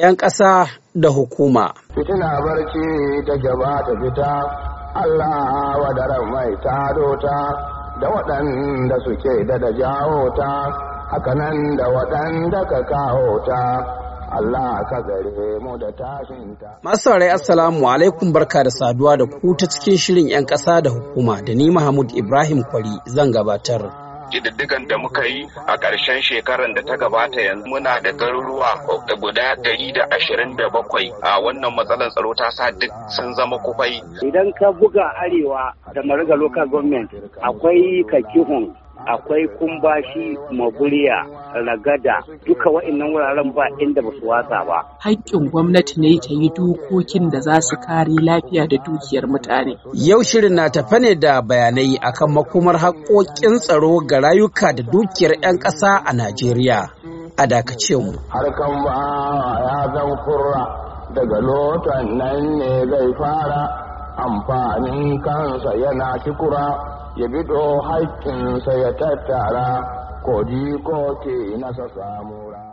'yan ƙasa da hukuma. Fitina barci ta gaba ta fita, Allah wa mai taro ta da waɗanda suke da da jawo ta, hakanan da waɗanda ka kawo ta. Allah ka gare mu da tashinta. Masu saurari Assalamu alaikum barka da saduwa da ku ta cikin shirin 'yan ƙasa da hukuma da ni Mahmud Ibrahim Kwari zan gabatar. Ƙididdigan da muka yi a ƙarshen shekarar da ta gabata yanzu muna da garuruwa guda ɗari da ashirin da bakwai a wannan matsalar tsaro ta sa duk sun zama kufai. Idan ka buga arewa da marigar local government akwai kakihun akwai kumbashi maguriya ragada duka wa'annan wuraren ba inda ba su watsa ba haƙƙin gwamnati ne ta yi dokokin da za su kare lafiya da dukiyar mutane yau shirin na tafe ne da bayanai akan makomar haƙƙoƙin tsaro ga rayuka da dukiyar 'yan ƙasa a najeriya a dakace mu harkan ba ya zan kurra daga lotan nan ne zai fara amfanin kansa yana kikura ya bido haƙƙinsa ya tattara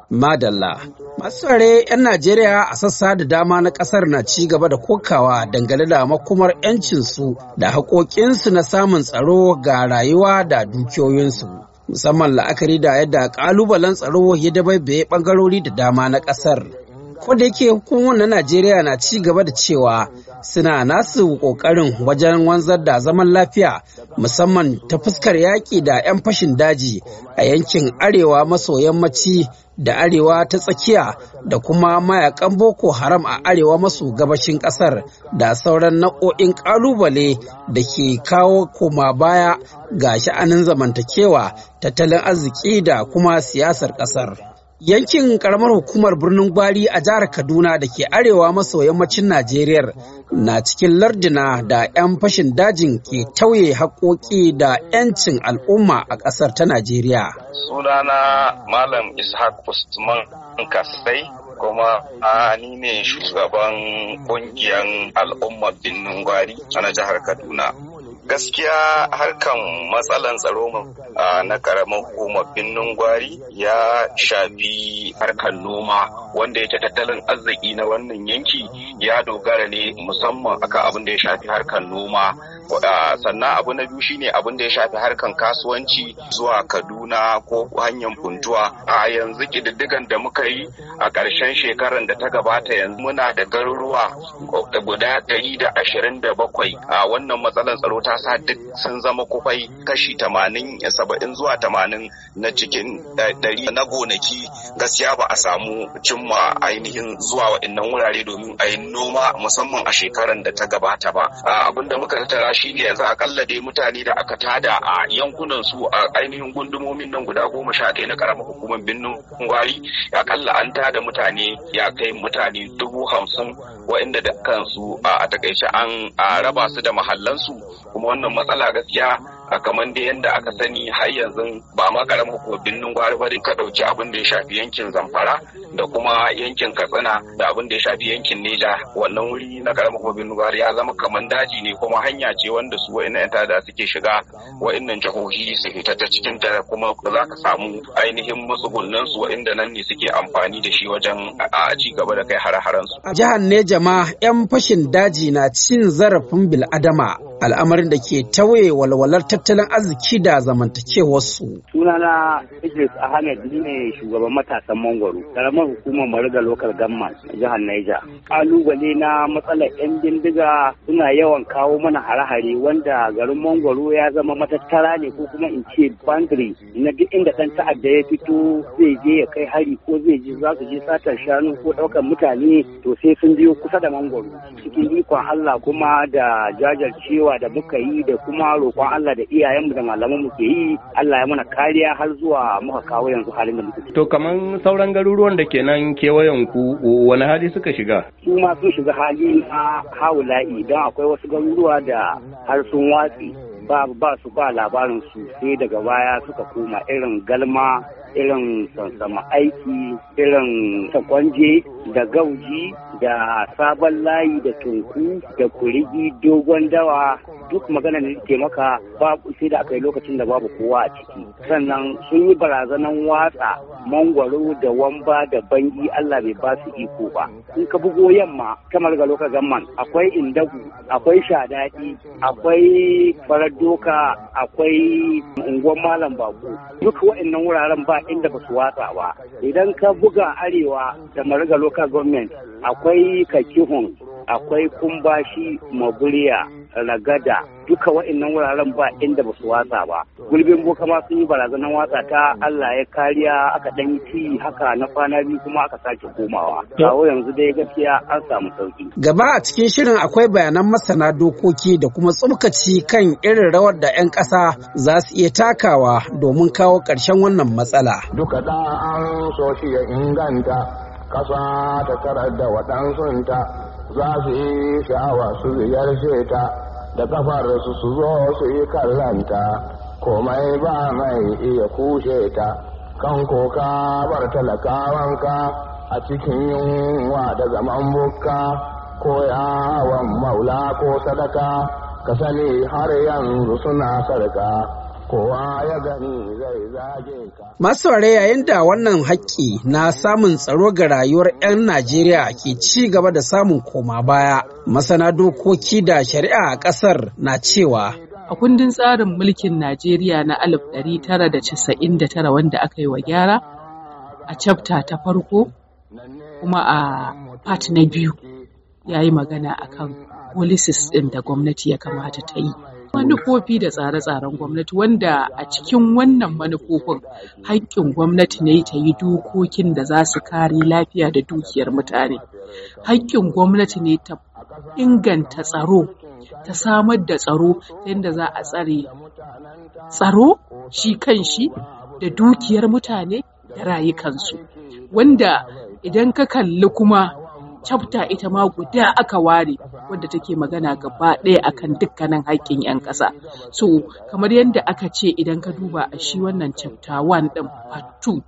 Madalla, masu tsare 'yan Najeriya a sassa da dama na ƙasar na ci gaba da kokawa dangane da makumar 'yancinsu da haƙoƙinsu na samun tsaro ga rayuwa da dukiyoyinsu. Musamman la'akari da yadda ƙalubalen tsaro ya dabaibaye ɓangarori da dama na ƙasar. Wanda yake hukumar na Najeriya na ci gaba da cewa suna nasu ƙoƙarin wajen wanzar da zaman lafiya musamman ta fuskar yaƙi da 'yan fashin daji a yankin arewa maso yammaci da arewa ta tsakiya da kuma mayakan boko haram a arewa maso gabashin ƙasar da sauran nau'o'in ƙalubale da ke kawo koma baya ga sha'anin zamantakewa tattalin arziki da kuma siyasar ƙasar. Yankin karamar hukumar birnin Gwari a jihar Kaduna da ke arewa maso yammacin Najeriya na cikin lardina da 'yan fashin dajin ke tauye haƙoƙi da 'yancin al'umma a ƙasar ta Najeriya. Sunana Malam Ishaq Usman Kasai kuma a ni ne shugaban ƙungiyar al'ummar birnin Gwari a jihar Kaduna. gaskiya harkan matsalan tsaro na karamar hukumar binnin gwari ya shafi harkan noma wanda yake tattalin arziki na wannan yanki ya dogara ne musamman akan abin da ya shafi harkan noma Ah, sannan abu na biyu shine abin da ya shafi harkan kasuwanci zuwa kaduna ko hanyar funtuwa a yanzu ƙididdigan da muka yi a ƙarshen shekarar da ta gabata yanzu muna da garuruwa guda ɗari da ashirin da bakwai a wannan matsalar tsaro ta sa duk sun zama kufai kashi tamanin saba'in zuwa tamanin na cikin eh, ɗari na gonaki gaskiya ba a samu cimma ainihin zuwa waɗannan wurare domin a yi noma musamman a shekarar da ta gabata ba ah, abin da muka tattara shi ne yanzu akalla dai mutane da aka tada a yankunan su a ainihin gundumomin nan guda goma sha ɗaya na ƙaramar hukumar birnin gwari akalla an tada mutane ya kai mutane dubu hamsin waɗanda da kansu a takaice an raba su da mahallansu kuma wannan matsala gaskiya a kamar da yadda aka sani har yanzu ba ma ƙaramar hukumar birnin gwari ba ka ɗauki abin da ya shafi yankin zamfara da kuma yankin katsina da abin da ya shafi yankin neja wannan wuri na karamar kuma nugar ya zama kamar daji ne kuma hanya ce wanda su wa'in yan da suke shiga wa'annan jihohi su fita ta cikin ta kuma za ka samu ainihin matsugunan su da nan ne suke amfani da shi wajen a ci gaba da kai hare-haren su. jihar Neja ma yan fashin daji na cin zarafin bil'adama al'amarin da ke tawaye walwalar tattalin arziki da zamantakewarsu. Sunana Idris Ahmed ne shugaban matasan Mangwaro, karamar hukumar Mariga Local Government jihar Niger. Kalubale na matsalar 'yan bindiga suna yawan kawo mana hare-hare wanda garin Mangwaro ya zama matattara ne ko kuma in ce bandri na duk inda ɗan ta'adda ya fito zai je ya kai hari ko zai je za su je satar shanu ko ɗaukar mutane to sai sun biyo kusa da Mangwaro. Cikin ikon Allah kuma da jajircewa abubuwa da muka yi da kuma roƙon Allah da iyayenmu da malamanmu ke yi Allah ya mana kariya har zuwa muka kawo yanzu halin da muke to kaman sauran garuruwan da kenan kewayen ku wani hali suka shiga su ma sun shiga hali a haula'i don akwai wasu garuruwa da har sun watsi ba su ba labarin su sai daga baya suka koma irin galma irin sansama aiki irin sakwanje da gauji da sabon layi da tunku da kurigi dogon dawa duk magana ne ke maka babu sai da aka yi lokacin da babu kowa a ciki sannan sun yi barazanan watsa mangwaro da wamba da bangi Allah bai ba su iko ba in ka bugo yamma kamar ga lokacin zaman akwai indagu akwai shadadi akwai farar doka akwai unguwar malam bako duk waɗannan wuraren ba inda ba su watsa ba idan ka buga arewa da mariga local government akwai kakihun akwai kumbashi maguriya ragada duka wa'annan wuraren ba inda ba su watsa ba gulbin boka ma sun yi barazanar watsa ta allah ya kariya aka dan yi ci haka na kwana biyu kuma aka sake komawa kawo yanzu dai gaskiya an samu sauki gaba a cikin shirin akwai bayanan masana dokoki da kuma tsumkaci kan irin rawar da 'yan ƙasa za su iya takawa domin kawo ƙarshen wannan matsala duka da an so shi ya inganta kasa ta karar da waɗansunta za su yi sha'awa su ziyarce ta da kafar su su zo su yi kallanta komai ba mai iya kushe ta kan koka bar talakawanka a cikin yunwa da zaman bukka ko yawon maula ko sadaka ka sani har yanzu suna sarka kowa Masu yayin da wannan haƙƙi na samun tsaro ga rayuwar 'yan Najeriya ke ci gaba da samun koma baya. Masana dokoki da shari'a a ƙasar na cewa a kundin tsarin mulkin Najeriya na 1999 wanda aka yi wa gyara a chapter ta farko kuma a part na biyu ya yi magana akan policies ɗin da gwamnati ya kamata ta yi. manufofi da tsare-tsaren gwamnati wanda a cikin wannan manufofin haƙƙin gwamnati ne ta yi dokokin da za su kare lafiya da dukiyar mutane haƙƙin gwamnati ne ta inganta tsaro ta samar da tsaro yadda za a tsare tsaro shi kan shi da dukiyar mutane da rayukansu wanda idan ka kalli kuma chapter ita ma guda aka ware wadda take magana gaba ɗaya akan dukkanin haƙƙin 'yan ƙasa so kamar yadda aka ce idan ka duba a shi wannan chapter 1 ɗin part 2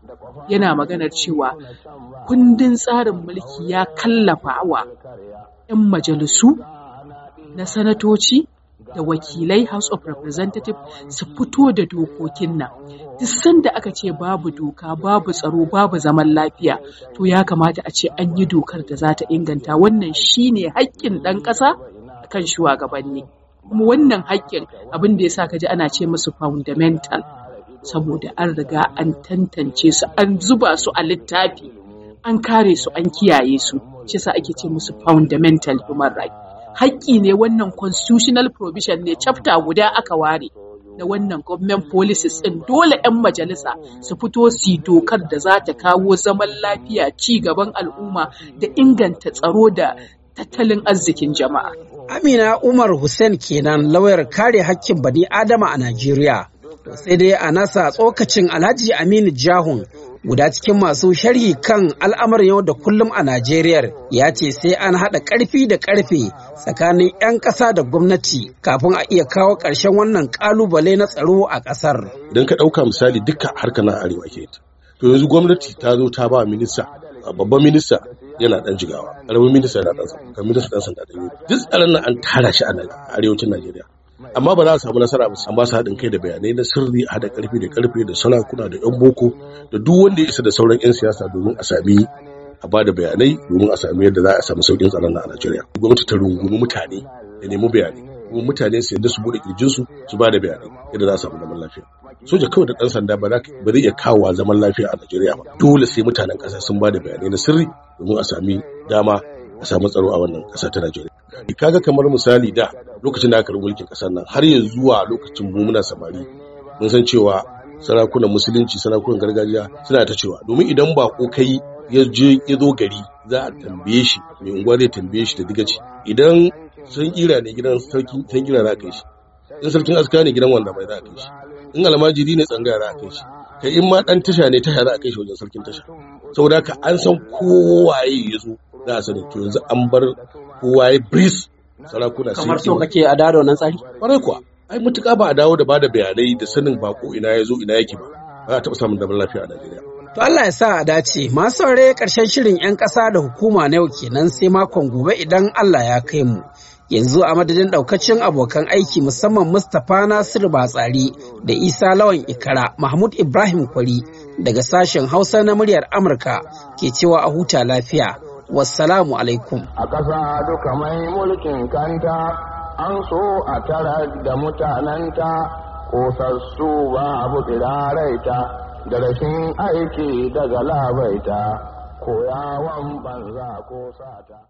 yana maganar cewa kundin tsarin mulki ya kallafa wa 'yan majalisu na sanatoci da wakilai House of Representatives su fito da dokokin nan. Duk sanda aka ce babu doka, babu tsaro, babu zaman lafiya, to ya kamata a ce an yi dokar da za ta inganta wannan shine haƙƙin ɗan ƙasa kan shugabanni. Kuma wannan haƙƙin abin da ya sa ka ji ana ce musu fundamental saboda an riga an tantance su an zuba su a littafi an kare su an kiyaye su shi sa ake ce musu fundamental human rights haƙƙi ne wannan constitutional provision ne chapter guda aka ware na wannan government policies ɗin dole 'yan majalisa su fito su dokar da za ta kawo zaman lafiya ci gaban al'umma da inganta tsaro da tattalin arzikin jama'a. Amina Umar Hussein kenan lauyar kare haƙƙin bani Adama a Najeriya. sai dai a nasa tsokacin Alhaji Aminu Jahun guda cikin masu sharhi kan al'amarin yau da kullum a Najeriya ya ce sai an haɗa ƙarfi da ƙarfe tsakanin 'yan ƙasa da gwamnati kafin a iya kawo ƙarshen wannan ƙalubale na tsaro a ƙasar. Idan ka ɗauka misali duka harkar na arewa ke to yanzu gwamnati ta zo ta ba minista babban minista yana dan jigawa ƙaramin minista yana dan sanda minista dan sanda duk tsaron nan an tara shi a arewacin Najeriya amma ba za a samu nasara ba amma su haɗin kai da bayanai na sirri a da ƙarfi da ƙarfe da sarakuna da 'yan boko da duk wanda ya isa da sauran 'yan siyasa domin a sami a ba da bayanai domin a sami yadda za a samu sauƙin tsaron a Najeriya. Gwamnati ta rungumi mutane da nemi bayanai kuma mutane su yadda su bude kirjin su su ba da bayanai yadda za a samu zaman lafiya. Soja kawai da ɗan sanda ba zai iya kawo zaman lafiya a Najeriya ba. Dole sai mutanen ƙasa sun ba da bayanai na sirri domin a sami dama a samu tsaro a wannan ƙasa ta Najeriya. Kaga kamar misali da lokacin da aka karɓi mulkin ƙasar nan har yanzu zuwa lokacin mu muna samari mun san cewa sarakunan musulunci sarakunan gargajiya suna ta cewa domin idan ba ko kai ya je ya zo gari za a tambaye shi mai unguwa zai tambaye shi da digaci idan sun kira ne gidan sarki sun kira za kai shi in sarkin aska ne gidan wanda bai za kai shi in almajiri ne tsangaya za ka shi kai in ma dan tasha ne tasha za a kai shi wajen sarkin tasha saboda ka an san kowaye ya zo za su da to yanzu an bar kowa ya bris sarakuna kamar so kake a dawo nan tsari kwarai kuwa ai mutuka ba a dawo da bada bayanai da sanin bako ina ya zo ina yake ba ba a taɓa samun zaman lafiya a Najeriya To Allah ya sa a dace, masu saurare ƙarshen shirin 'yan ƙasa da hukuma na yau kenan sai makon gobe idan Allah ya kai mu. Yanzu a madadin ɗaukacin abokan aiki musamman Mustapha Nasiru Batsari da Isa Lawan Ikara Mahmud Ibrahim Kwari daga sashen Hausa na muryar Amurka ke cewa a huta lafiya. wassalamu alaikum a ƙasa duka mai mulkin kanta an so a tara da mutananta kosassu ba abu tsiraraita da rashin aiki daga labaita koyawan banza ko sata